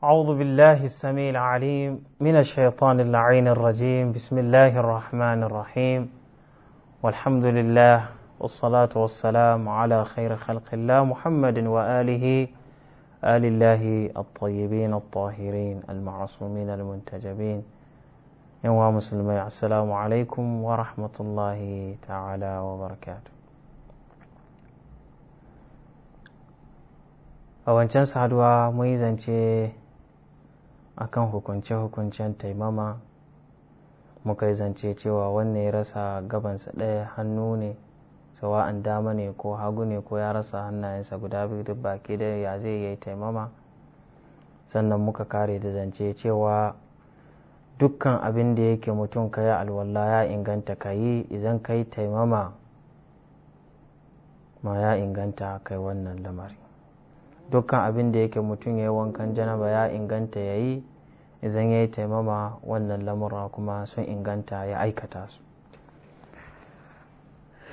أعوذ بالله السميع العليم من الشيطان اللعين الرجيم بسم الله الرحمن الرحيم والحمد لله والصلاة والسلام على خير خلق الله محمد وآله آل الله الطيبين الطاهرين المعصومين المنتجبين يا مسلم السلام عليكم ورحمة الله تعالى وبركاته a wancan saduwa akan hukunce-hukuncen taimama muka yi zance cewa wannan ya rasa gabansa ɗaya hannu ne an dama ne ko hagu ne ko ya rasa hannayensa guda biyu duk baki da ya zai yi taimama sannan muka kare da zance cewa dukkan abin da yake mutum ka yi alwala ya inganta ka yi idan ka yi taimama ma ya inganta kai wannan lamari dukkan abin da yake mutum ya yi wankan janaba ya inganta ya yi idan ya yi taimama wannan lamura kuma sun inganta ya aikata su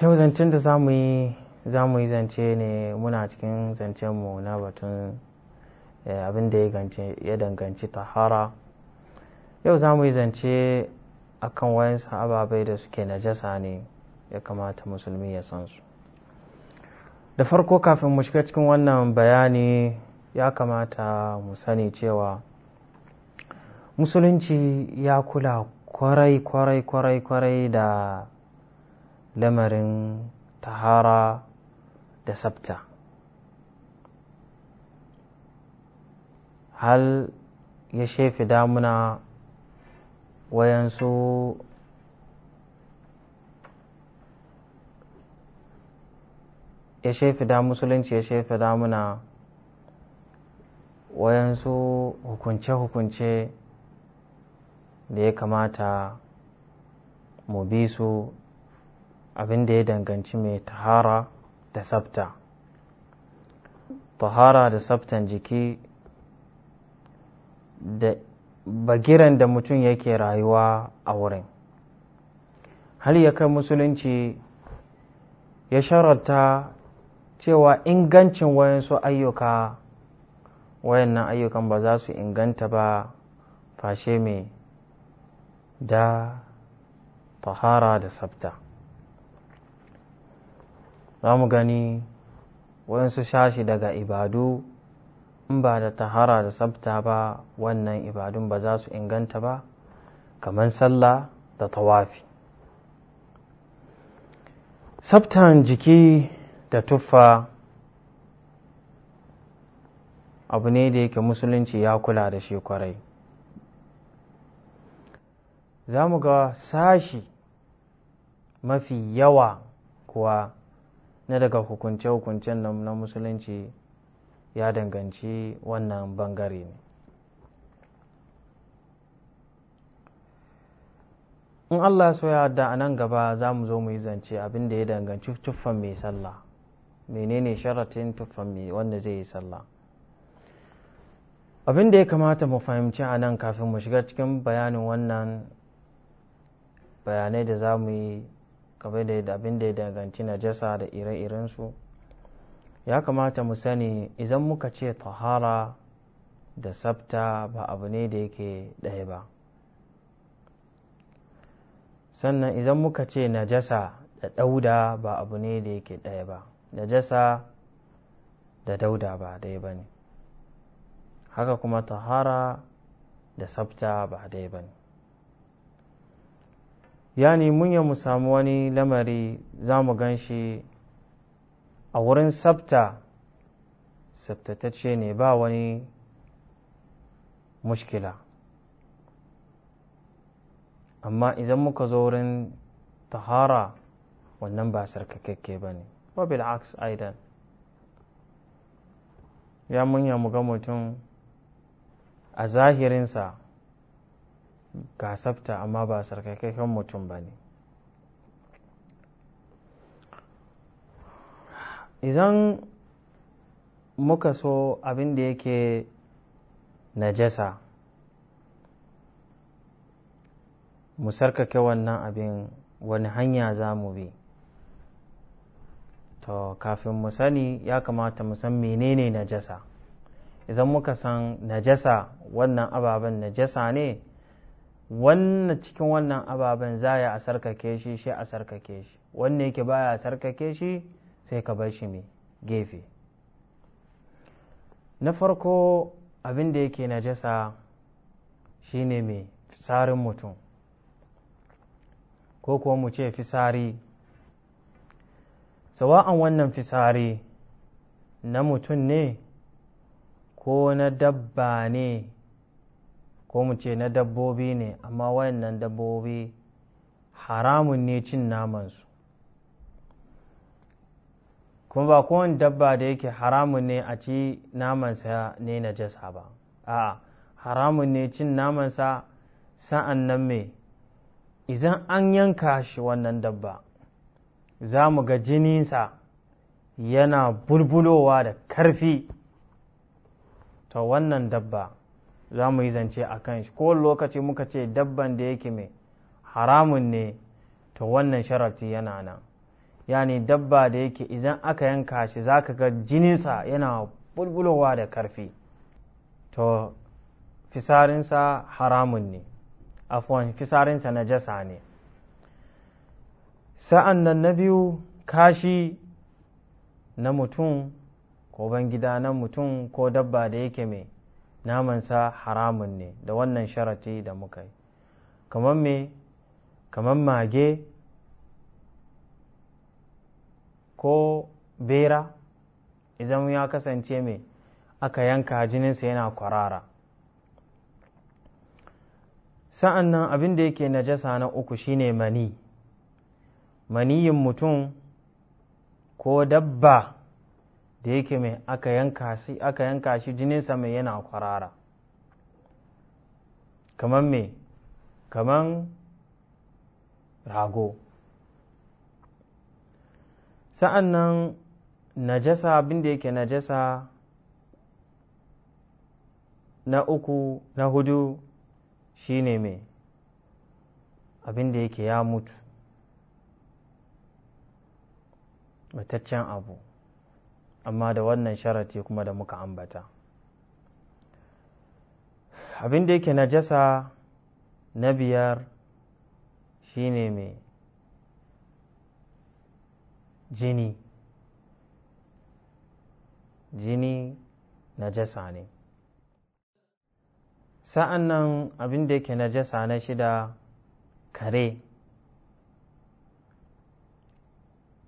yau zancen da za mu yi za yi zance ne muna cikin mu na batun eh, abin da ya danganci tahara yau za mu yi zance a kan wayansu ababai da suke najasa ne ya kamata musulmi ya san su da farko kafin mu shiga cikin wannan bayani ya kamata mu sani cewa musulunci ya kula kwarai kwarai kwarai kwarai da lamarin tahara da sabta hal ya shefi damuna wayansu ya shefi da musulunci ya shefi damuna wayansu hukunce-hukunce da ya kamata mu bi su abin da ya danganci mai tahara da sabta tahara da sabtan jiki da bagiran da mutum yake rayuwa a wurin har ya kai musulunci ya shararta cewa ingancin wayansu ayyuka wayannan ayyukan ba za su inganta ba fashe mai da tahara da sabta za mu gani waɗansu shashi daga ibadu in ba da tahara da sabta ba wannan ibadun ba za su inganta ba kamar sallah da tawafi sabtan jiki da tuffa abu ne da yake musulunci ya kula da shi za mu ga sashi mafi yawa kuwa na daga hukunce-hukuncen nan na musulunci ya danganci wannan bangare ne in allah so ya da a nan gaba za mu zo mu yi zance abin da ya danganci tuffan mai sallah menene sharatin tuffan mai wanda zai yi sallah abin da ya kamata mu fahimci a nan kafin mu shiga cikin bayanin wannan bayanai da za mu yi game da abin da ya danganci najasa da ire-irensu ya kamata mu sani idan muka ce tahara da sabta ba abu ne da yake ɗaya ba sannan idan muka ce najasa da dauda ba abu ne da yake ɗaya ba najasa da dauda ba ɗaya ba ne haka kuma tahara da sabta ba ɗaya ba ne yani mun ya mu samu wani lamari za mu gan shi a wurin sabta sabtatacce ne ba wani mushkila amma idan muka zo wurin tahara wannan ba sarkakakke ba ne wabil aks aidan ya munya mu ga mutum a zahirinsa ga sabta amma ba sarkakakken mutum ba ne idan muka so abin da yake najasa mu sarkake wannan abin wani hanya za mu bi to kafin mu sani ya kamata mu san menene najasa idan muka san najasa wannan ababen najasa ne wannan cikin wannan ababen za a sarkake shi shi a sarkake shi wanne yake baya a sarkake shi sai ka bar shi mai gefe na farko abin da yake najasa shine mai fisarin mutum ko kuwa mu ce fisari sawa'an wannan fisari na mutum ne ko na dabba ne ko mu ce na dabbobi ne amma wayannan dabbobi haramun ne cin namansu kuma ba kowane dabba da yake haramun ne a ci namansa ne na jasa ba a haramun ne cin namansa sa'an nan me izan an yanka shi wannan dabba za mu ga jininsa yana bulbulowa da karfi ta wannan dabba za mu yi zance a kan shi kowane lokaci muka ce dabban da yake mai haramun ne to wannan sharafci yana nan yani dabba da yake idan aka yanka shi za ka ga jininsa yana bulbulowa da karfi to fisarinsa haramun ne afwan fisarinsa na jasa ne sa'an nan na biyu kashi na mutum ko bangida na mutum ko dabba da yake mai namansa haramun ne da wannan sharati da muka yi kamar me kamar mage ko bera idan ya kasance me aka yanka jininsa yana kwarara sa'an nan abin da yake najasa na uku shine mani maniyin mutum ko dabba da yake mai aka yanka shi jinin sa jininsa mai yana kwarara kamar me kamar rago sa'an nan najasa abin yake najasa na uku na hudu shi ne mai abin yake ya mutu mataccen abu amma da wannan sharati kuma da muka ambata abin da yake najasa na biyar shine mai jini jini najasa ne sa'an nan abin da yake najasa na shida kare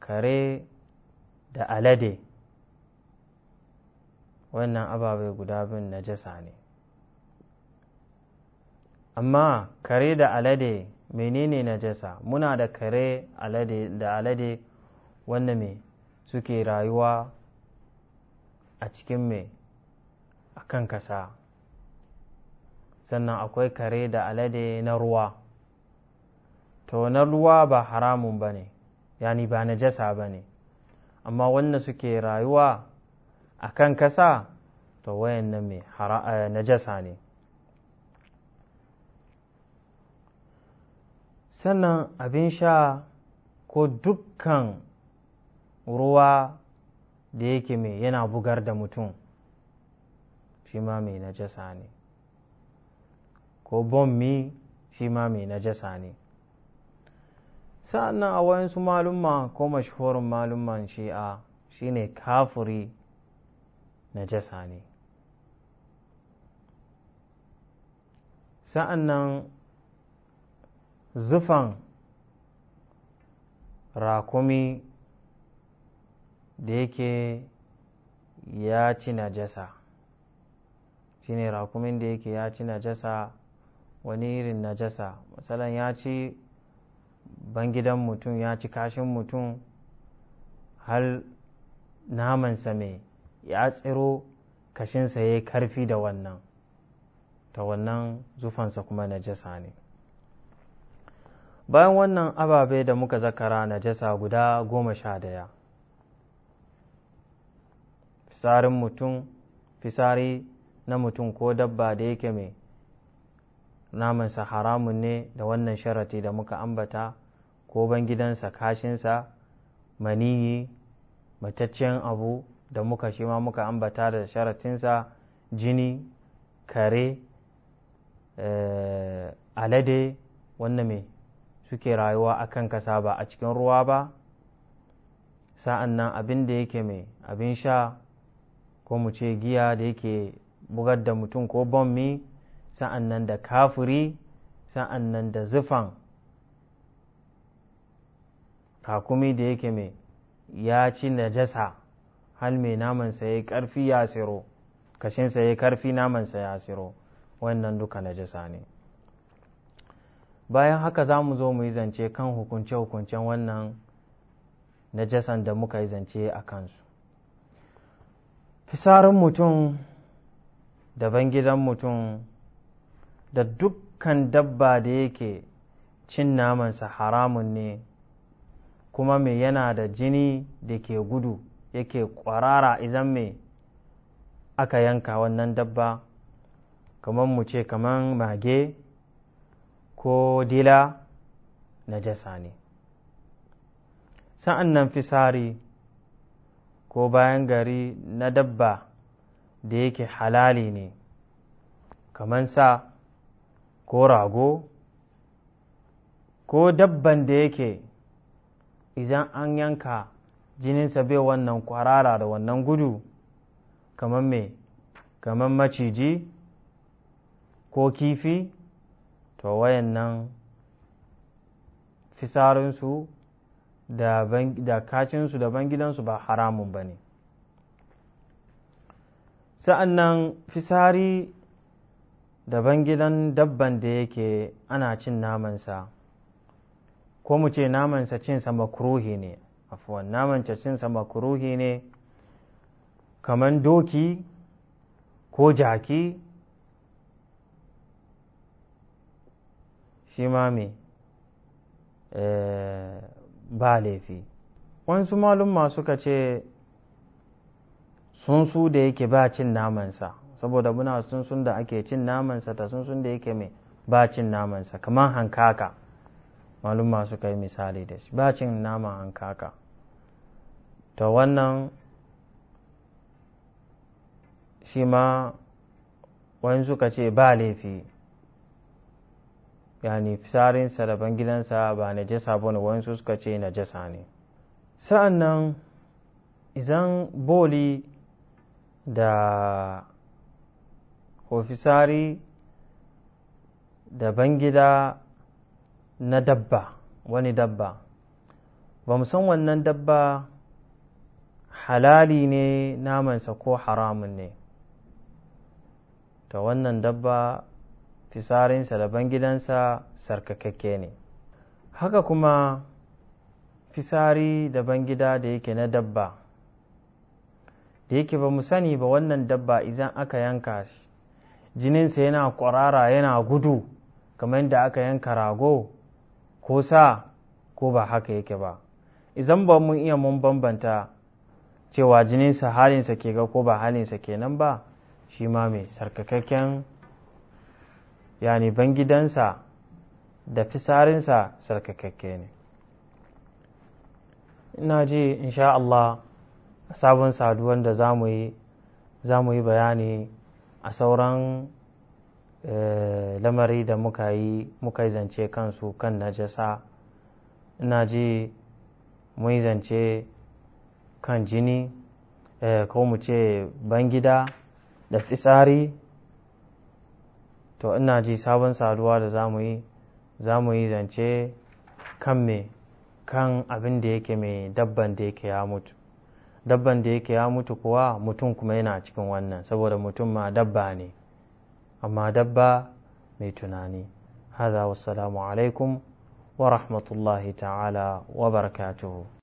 kare da alade wannan ababe guda bin najasa ne amma kare da alade menene najasa muna da kare alade da alade wanda me suke rayuwa a cikin me a kan kasa sannan akwai kare da alade na ruwa to na ruwa ba haramun ba ne yani ba najasa ba ne amma wanda suke rayuwa a kan kasa to wayan nan mai eh, najasa ne sannan abin sha ko dukkan ruwa da yake mai yana bugar da mutum shi ma mai najasa ne ko bommi shi ma mai najasa ne sa'annan a wayansu malumma ko mashhurin malumman shi'a shine kafuri najasa ne sa'an nan zufan rakumi da yake ya ci najasa ne rakumin da yake ya ci najasa wani irin najasa matsalan ya ci bangidan mutum ya ci kashin mutum hal namansa mai ya tsiro kashinsa ya yi karfi da wannan ta wannan zufansa kuma najasa ne bayan wannan ababe da muka zakara najasa guda goma sha daya fisarin mutum fisari na mutum ko dabba da yake mai namansa haramun ne da wannan sharati da muka ambata ko bangidansa kashinsa maniyi mataccen abu da muka shi ma muka ambata da sharatinsa jini kare eh, alade wannan mai suke rayuwa akan kasa ba a cikin ruwa ba sa'an nan abin da yake mai abin sha ko mu ce giya da yake bugar da mutum ko bommi sa'an nan da kafuri sa'an nan da zufan hakumi da yake mai ya ci najasa hal mai namansa ya yi ƙarfi ya siro kashinsa ya yi ƙarfi namansa ya siro wannan duka na najasa ne bayan haka za mu zo mu yi zance kan hukunce-hukuncen wannan najasan da muka yi zance a kansu fisarin mutum da bangidan mutum da dukkan dabba da yake cin namansa haramun ne kuma mai yana da jini da ke gudu yake kwarara izan me aka yanka wannan dabba kamar mu ce kamar mage ko dila na jasa ne sa'an nan fisari ko bayan gari na dabba da yake halali ne kamar sa ko rago ko dabban da yake izan an yanka jininsa bai wannan kwarara da wannan gudu kamar me kamar maciji ko kifi to wayannan fisarinsu da kacinsu da bangidansu ba haramun ba ne sa'an nan fisari da bangidan dabban da yake ana cin namansa ko mu ce namansa cinsa makruhi ne afuwan naman cacinsa makuruhi ne kaman doki ko jaki shi ma me eh, ba laifi wasu malum suka ce su da yake ba cin namansa saboda muna sunsun da ake cin namansa ta sunsun da yake mai ba cin namansa kamar hankaka malum suka yi misali da shi ba cin nama an kaka to wannan shi ma wani suka ce ba laifi yani fisarinsa da bangidansa ba na jasa ba ne wani suka ce na jasa ne sa'an izan boli da ko fisari da bangida na dabba wani dabba ba mu san wannan dabba halali ne namansa ko haramun ne ta wannan dabba fisarinsa da bangidansa sarkakakke ne haka kuma fisari da bangida da yake na dabba da yake ba mu sani ba wannan dabba idan aka yanka shi jininsa yana kwarara yana gudu kamar yadda aka yanka rago ko sa ko ba haka yake ba idan ba mun iya mun bambanta cewa jininsa halinsa ke ga ko ba halinsa kenan ba shi ma mai sarkakakken yani bangidansa da fisarinsa sarkakakke ne ina ji insha Allah sabon saduwan da za mu yi bayani a sauran Eh, lamari da muka yi muka yi zance kansu kan najasa ina ji mun yi zance kan jini eh, ko mu ce bangida da fitsari to ina ji sabon saduwa da za mu yi za mu yi zance kan me kan abin da yake mai dabban da yake ya mutu dabban da yake ya mutu kuwa mutum kuma yana cikin wannan saboda mutum ma dabba ne amma dabba mai tunani hada wassalamu alaikum wa rahmatullahi ta'ala wa barakatuhu